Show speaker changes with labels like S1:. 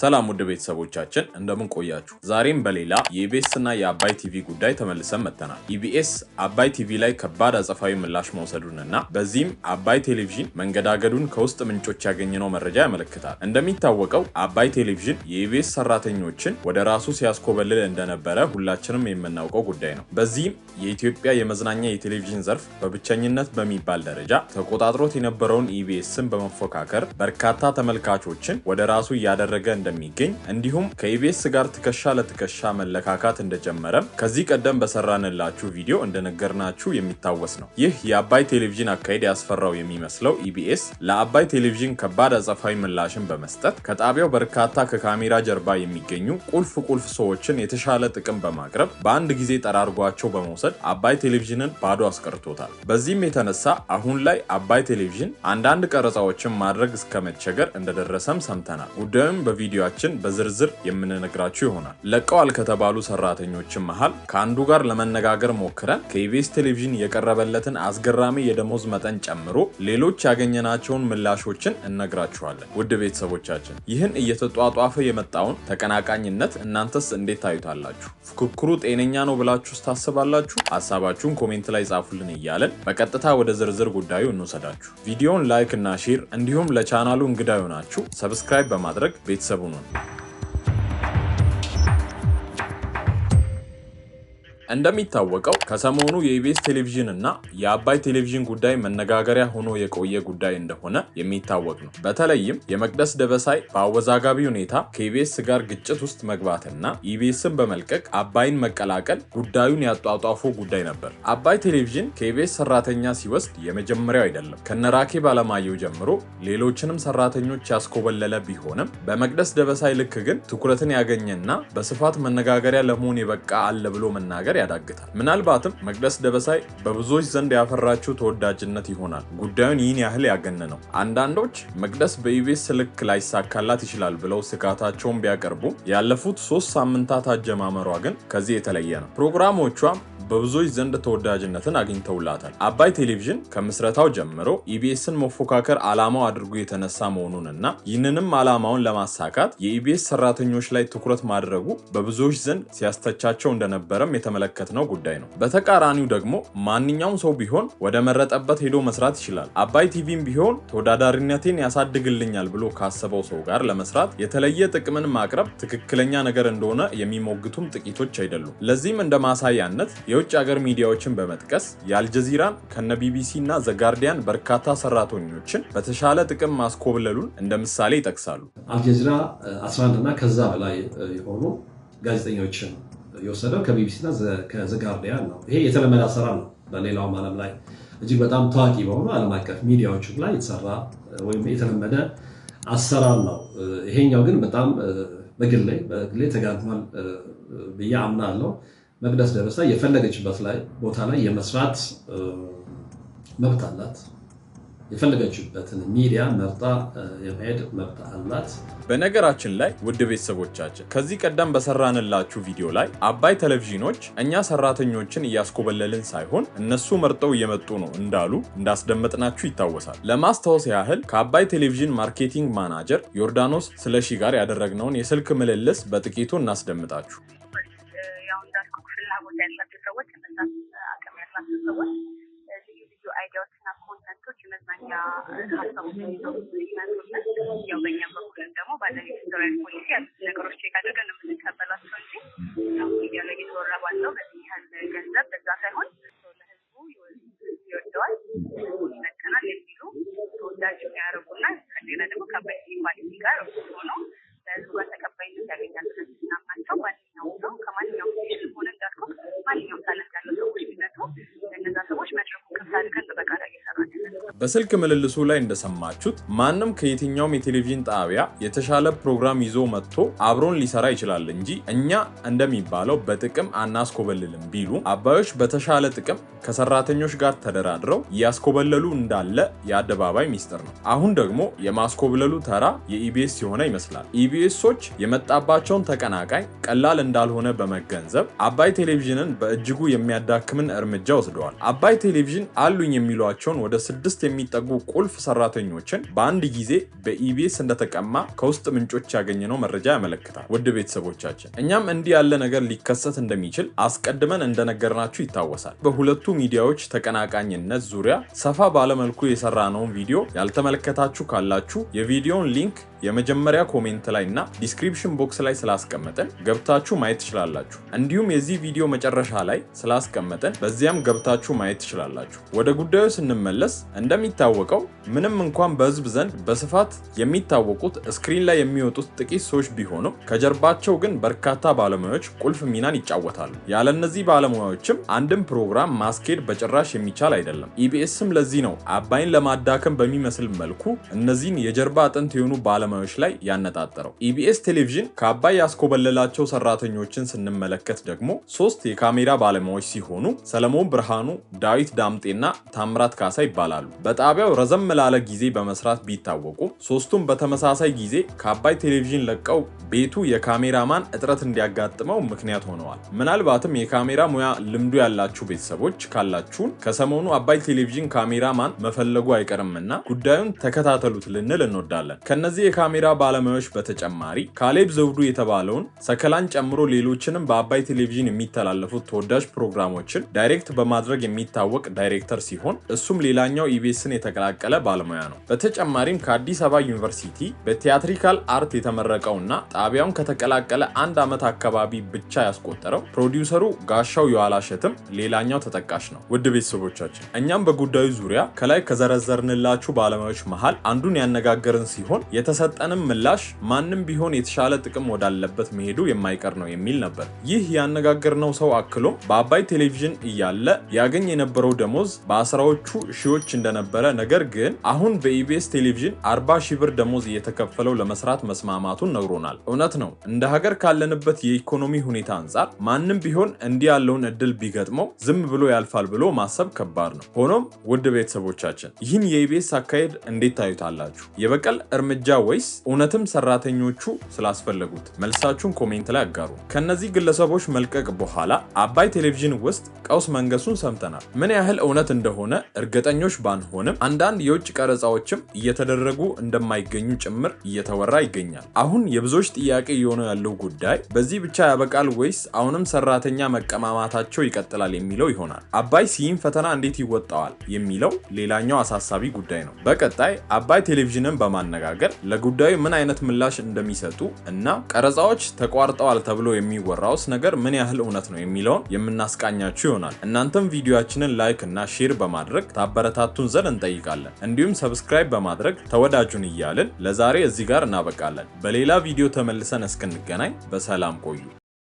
S1: ሰላም ውድ ቤተሰቦቻችን እንደምን ቆያችሁ? ዛሬም በሌላ የኢቢኤስና የአባይ ቲቪ ጉዳይ ተመልሰን መጥተናል። ኢቢኤስ አባይ ቲቪ ላይ ከባድ አጸፋዊ ምላሽ መውሰዱንና በዚህም አባይ ቴሌቪዥን መንገዳገዱን ከውስጥ ምንጮች ያገኘነው መረጃ ያመለክታል። እንደሚታወቀው አባይ ቴሌቪዥን የኢቢኤስ ሰራተኞችን ወደ ራሱ ሲያስኮበልል እንደነበረ ሁላችንም የምናውቀው ጉዳይ ነው። በዚህም የኢትዮጵያ የመዝናኛ የቴሌቪዥን ዘርፍ በብቸኝነት በሚባል ደረጃ ተቆጣጥሮት የነበረውን ኢቢኤስን በመፎካከር በርካታ ተመልካቾችን ወደ ራሱ እያደረገ እንደሚገኝ እንዲሁም ከኢቢኤስ ጋር ትከሻ ለትከሻ መለካካት እንደጀመረም ከዚህ ቀደም በሰራንላችሁ ቪዲዮ እንደነገርናችሁ የሚታወስ ነው። ይህ የአባይ ቴሌቪዥን አካሄድ ያስፈራው የሚመስለው ኢቢኤስ ለአባይ ቴሌቪዥን ከባድ አጸፋዊ ምላሽን በመስጠት ከጣቢያው በርካታ ከካሜራ ጀርባ የሚገኙ ቁልፍ ቁልፍ ሰዎችን የተሻለ ጥቅም በማቅረብ በአንድ ጊዜ ጠራርጓቸው በመውሰድ አባይ ቴሌቪዥንን ባዶ አስቀርቶታል። በዚህም የተነሳ አሁን ላይ አባይ ቴሌቪዥን አንዳንድ ቀረጻዎችን ማድረግ እስከመቸገር እንደደረሰም ሰምተናል። ጉዳዩም በቪዲዮ በቪዲዮአችን በዝርዝር የምንነግራችሁ ይሆናል። ለቀዋል ከተባሉ ሰራተኞችን መሃል ከአንዱ ጋር ለመነጋገር ሞክረን ከኢቢኤስ ቴሌቪዥን የቀረበለትን አስገራሚ የደሞዝ መጠን ጨምሮ ሌሎች ያገኘናቸውን ምላሾችን እነግራችኋለን። ውድ ቤተሰቦቻችን ይህን እየተጧጧፈ የመጣውን ተቀናቃኝነት እናንተስ እንዴት ታዩታላችሁ? ፉክክሩ ጤነኛ ነው ብላችሁስ ታስባላችሁ? ሀሳባችሁን ኮሜንት ላይ ጻፉልን እያለን በቀጥታ ወደ ዝርዝር ጉዳዩ እንውሰዳችሁ። ቪዲዮውን ላይክ እና ሼር እንዲሁም ለቻናሉ እንግዳ የሆናችሁ። ሰብስክራይብ በማድረግ ቤተሰብ 보면 እንደሚታወቀው ከሰሞኑ የኢቢኤስ ቴሌቪዥን እና የአባይ ቴሌቪዥን ጉዳይ መነጋገሪያ ሆኖ የቆየ ጉዳይ እንደሆነ የሚታወቅ ነው። በተለይም የመቅደስ ደበሳይ በአወዛጋቢ ሁኔታ ከኢቢኤስ ጋር ግጭት ውስጥ መግባትና ኢቢኤስን በመልቀቅ አባይን መቀላቀል ጉዳዩን ያጧጧፎ ጉዳይ ነበር። አባይ ቴሌቪዥን ከኢቢኤስ ሰራተኛ ሲወስድ የመጀመሪያው አይደለም። ከነራኬ ባለማየሁ ጀምሮ ሌሎችንም ሰራተኞች ያስኮበለለ ቢሆንም በመቅደስ ደበሳይ ልክ ግን ትኩረትን ያገኘና በስፋት መነጋገሪያ ለመሆን የበቃ አለ ብሎ መናገር ያዳግታል። ምናልባትም መቅደስ ደበሳይ በብዙዎች ዘንድ ያፈራችው ተወዳጅነት ይሆናል ጉዳዩን ይህን ያህል ነው። አንዳንዶች መቅደስ በኢቢኤስ ልክ ላይሳካላት ይችላል ብለው ስጋታቸውን ቢያቀርቡ ያለፉት ሶስት ሳምንታት አጀማመሯ ግን ከዚህ የተለየ ነው። ፕሮግራሞቿ በብዙዎች ዘንድ ተወዳጅነትን አግኝተውላታል። አባይ ቴሌቪዥን ከምስረታው ጀምሮ ኢቢኤስን መፎካከር ዓላማው አድርጎ የተነሳ መሆኑንና ይህንንም ዓላማውን ለማሳካት የኢቢኤስ ሰራተኞች ላይ ትኩረት ማድረጉ በብዙዎች ዘንድ ሲያስተቻቸው እንደነበረም የተመለ የተመለከትነው ጉዳይ ነው። በተቃራኒው ደግሞ ማንኛውም ሰው ቢሆን ወደ መረጠበት ሄዶ መስራት ይችላል። አባይ ቲቪም ቢሆን ተወዳዳሪነቴን ያሳድግልኛል ብሎ ካሰበው ሰው ጋር ለመስራት የተለየ ጥቅምን ማቅረብ ትክክለኛ ነገር እንደሆነ የሚሞግቱም ጥቂቶች አይደሉም። ለዚህም እንደ ማሳያነት የውጭ ሀገር ሚዲያዎችን በመጥቀስ የአልጀዚራን ከነ ቢቢሲ እና ዘጋርዲያን በርካታ ሰራተኞችን በተሻለ ጥቅም ማስኮብለሉን እንደ ምሳሌ ይጠቅሳሉ።
S2: አልጀዚራ 11 እና ከዛ በላይ የሆኑ ጋዜጠኞችን የወሰደው ከቢቢሲና ከዘጋርዲያን ነው። ይሄ የተለመደ አሰራር ነው። በሌላውም ዓለም ላይ እጅግ በጣም ታዋቂ በሆኑ ዓለም አቀፍ ሚዲያዎች ላይ የተሰራ ወይም የተለመደ አሰራር ነው። ይሄኛው ግን በጣም በግሌ በግሌ ተጋድሟል ብዬ አምናለሁ። መቅደስ ደረሳ የፈለገችበት ላይ ቦታ ላይ የመስራት መብት አላት። የፈለገችበትን ሚዲያ መርጣ የመሄድ መብት አላት።
S1: በነገራችን ላይ ውድ ቤተሰቦቻችን ከዚህ ቀደም በሰራንላችሁ ቪዲዮ ላይ አባይ ቴሌቪዥኖች እኛ ሰራተኞችን እያስኮበለልን ሳይሆን እነሱ መርጠው እየመጡ ነው እንዳሉ እንዳስደመጥናችሁ ይታወሳል። ለማስታወስ ያህል ከአባይ ቴሌቪዥን ማርኬቲንግ ማናጀር ዮርዳኖስ ስለሺ ጋር ያደረግነውን የስልክ ምልልስ በጥቂቱ እናስደምጣችሁ። ያላቸው ሰዎች ልዩ ልዩ አይዲያዎች ya kantong itu, dan kemudian yang kemudian kamu pada instrumen polisian, negara sih kader በስልክ ምልልሱ ላይ እንደሰማችሁት ማንም ከየትኛውም የቴሌቪዥን ጣቢያ የተሻለ ፕሮግራም ይዞ መጥቶ አብሮን ሊሰራ ይችላል እንጂ እኛ እንደሚባለው በጥቅም አናስኮበልልም ቢሉ አባዮች በተሻለ ጥቅም ከሰራተኞች ጋር ተደራድረው እያስኮበለሉ እንዳለ የአደባባይ ሚስጥር ነው። አሁን ደግሞ የማስኮብለሉ ተራ የኢቢኤስ የሆነ ይመስላል። ኢቢኤሶች የመጣባቸውን ተቀናቃኝ ቀላል እንዳልሆነ በመገንዘብ አባይ ቴሌቪዥንን በእጅጉ የሚያዳክምን እርምጃ ወስደዋል። አባይ ቴሌቪዥን አሉኝ የሚሏቸውን ወደ ስድስት የሚጠጉ ቁልፍ ሰራተኞችን በአንድ ጊዜ በኢቢኤስ እንደተቀማ ከውስጥ ምንጮች ያገኘነው መረጃ ያመለክታል። ውድ ቤተሰቦቻችን እኛም እንዲህ ያለ ነገር ሊከሰት እንደሚችል አስቀድመን እንደነገርናችሁ ይታወሳል። በሁለቱ ሚዲያዎች ተቀናቃኝነት ዙሪያ ሰፋ ባለመልኩ የሰራነውን ቪዲዮ ያልተመለከታችሁ ካላችሁ የቪዲዮን ሊንክ የመጀመሪያ ኮሜንት ላይ እና ዲስክሪፕሽን ቦክስ ላይ ስላስቀመጠን ገብታችሁ ማየት ትችላላችሁ። እንዲሁም የዚህ ቪዲዮ መጨረሻ ላይ ስላስቀመጠን በዚያም ገብታችሁ ማየት ትችላላችሁ። ወደ ጉዳዩ ስንመለስ እንደሚታወቀው ምንም እንኳን በህዝብ ዘንድ በስፋት የሚታወቁት ስክሪን ላይ የሚወጡት ጥቂት ሰዎች ቢሆኑም ከጀርባቸው ግን በርካታ ባለሙያዎች ቁልፍ ሚናን ይጫወታሉ። ያለ እነዚህ ባለሙያዎችም አንድም ፕሮግራም ማስኬድ በጭራሽ የሚቻል አይደለም። ኢቢኤስም ለዚህ ነው አባይን ለማዳከም በሚመስል መልኩ እነዚህን የጀርባ አጥንት የሆኑ ባለ ባለሙያዎች ላይ ያነጣጠረው። ኢቢኤስ e ቴሌቪዥን ከአባይ ያስኮበለላቸው ሰራተኞችን ስንመለከት ደግሞ ሶስት የካሜራ ባለሙያዎች ሲሆኑ ሰለሞን ብርሃኑ፣ ዳዊት ዳምጤና ታምራት ካሳ ይባላሉ። በጣቢያው ረዘም ላለ ጊዜ በመስራት ቢታወቁም ሶስቱም በተመሳሳይ ጊዜ ከአባይ ቴሌቪዥን ለቀው ቤቱ የካሜራማን እጥረት እንዲያጋጥመው ምክንያት ሆነዋል። ምናልባትም የካሜራ ሙያ ልምዱ ያላችሁ ቤተሰቦች ካላችሁን ከሰሞኑ አባይ ቴሌቪዥን ካሜራማን መፈለጉ አይቀርምና ጉዳዩን ተከታተሉት ልንል እንወዳለን። ከነዚህ የካሜራ ባለሙያዎች በተጨማሪ ካሌብ ዘውዱ የተባለውን ሰከላን ጨምሮ ሌሎችንም በአባይ ቴሌቪዥን የሚተላለፉት ተወዳጅ ፕሮግራሞችን ዳይሬክት በማድረግ የሚታወቅ ዳይሬክተር ሲሆን እሱም ሌላኛው ኢቢኤስን የተቀላቀለ ባለሙያ ነው። በተጨማሪም ከአዲስ አበባ ዩኒቨርሲቲ በቲያትሪካል አርት የተመረቀውና ጣቢያውን ከተቀላቀለ አንድ ዓመት አካባቢ ብቻ ያስቆጠረው ፕሮዲውሰሩ ጋሻው የዋላሸትም ሌላኛው ተጠቃሽ ነው። ውድ ቤተሰቦቻችን እኛም በጉዳዩ ዙሪያ ከላይ ከዘረዘርንላችሁ ባለሙያዎች መሀል አንዱን ያነጋገርን ሲሆን የተሰ ከተሰጠንም ምላሽ ማንም ቢሆን የተሻለ ጥቅም ወዳለበት መሄዱ የማይቀር ነው የሚል ነበር። ይህ ያነጋገርነው ሰው አክሎም በአባይ ቴሌቪዥን እያለ ያገኝ የነበረው ደሞዝ በአስራዎቹ ሺዎች እንደነበረ፣ ነገር ግን አሁን በኢቢኤስ ቴሌቪዥን 40 ሺህ ብር ደሞዝ እየተከፈለው ለመስራት መስማማቱን ነግሮናል። እውነት ነው እንደ ሀገር ካለንበት የኢኮኖሚ ሁኔታ አንጻር ማንም ቢሆን እንዲህ ያለውን እድል ቢገጥመው ዝም ብሎ ያልፋል ብሎ ማሰብ ከባድ ነው። ሆኖም ውድ ቤተሰቦቻችን ይህን የኢቢኤስ አካሄድ እንዴት ታዩታላችሁ? የበቀል እርምጃ ወይ ወይስ እውነትም ሰራተኞቹ ስላስፈለጉት? መልሳችሁን ኮሜንት ላይ አጋሩ። ከነዚህ ግለሰቦች መልቀቅ በኋላ አባይ ቴሌቪዥን ውስጥ ቀውስ መንገሱን ሰምተናል። ምን ያህል እውነት እንደሆነ እርግጠኞች ባንሆንም አንዳንድ የውጭ ቀረጻዎችም እየተደረጉ እንደማይገኙ ጭምር እየተወራ ይገኛል። አሁን የብዙዎች ጥያቄ እየሆነ ያለው ጉዳይ በዚህ ብቻ ያበቃል ወይስ አሁንም ሰራተኛ መቀማማታቸው ይቀጥላል የሚለው ይሆናል። አባይ ሲይም ፈተና እንዴት ይወጣዋል የሚለው ሌላኛው አሳሳቢ ጉዳይ ነው። በቀጣይ አባይ ቴሌቪዥንን በማነጋገር ለ ጉዳዩ ምን አይነት ምላሽ እንደሚሰጡ እና ቀረጻዎች ተቋርጠዋል ተብሎ የሚወራውስ ነገር ምን ያህል እውነት ነው የሚለውን የምናስቃኛችሁ ይሆናል። እናንተም ቪዲዮችንን ላይክ እና ሼር በማድረግ ታበረታቱን ዘንድ እንጠይቃለን። እንዲሁም ሰብስክራይብ በማድረግ ተወዳጁን እያልን ለዛሬ እዚህ ጋር እናበቃለን። በሌላ ቪዲዮ ተመልሰን እስክንገናኝ በሰላም ቆዩ።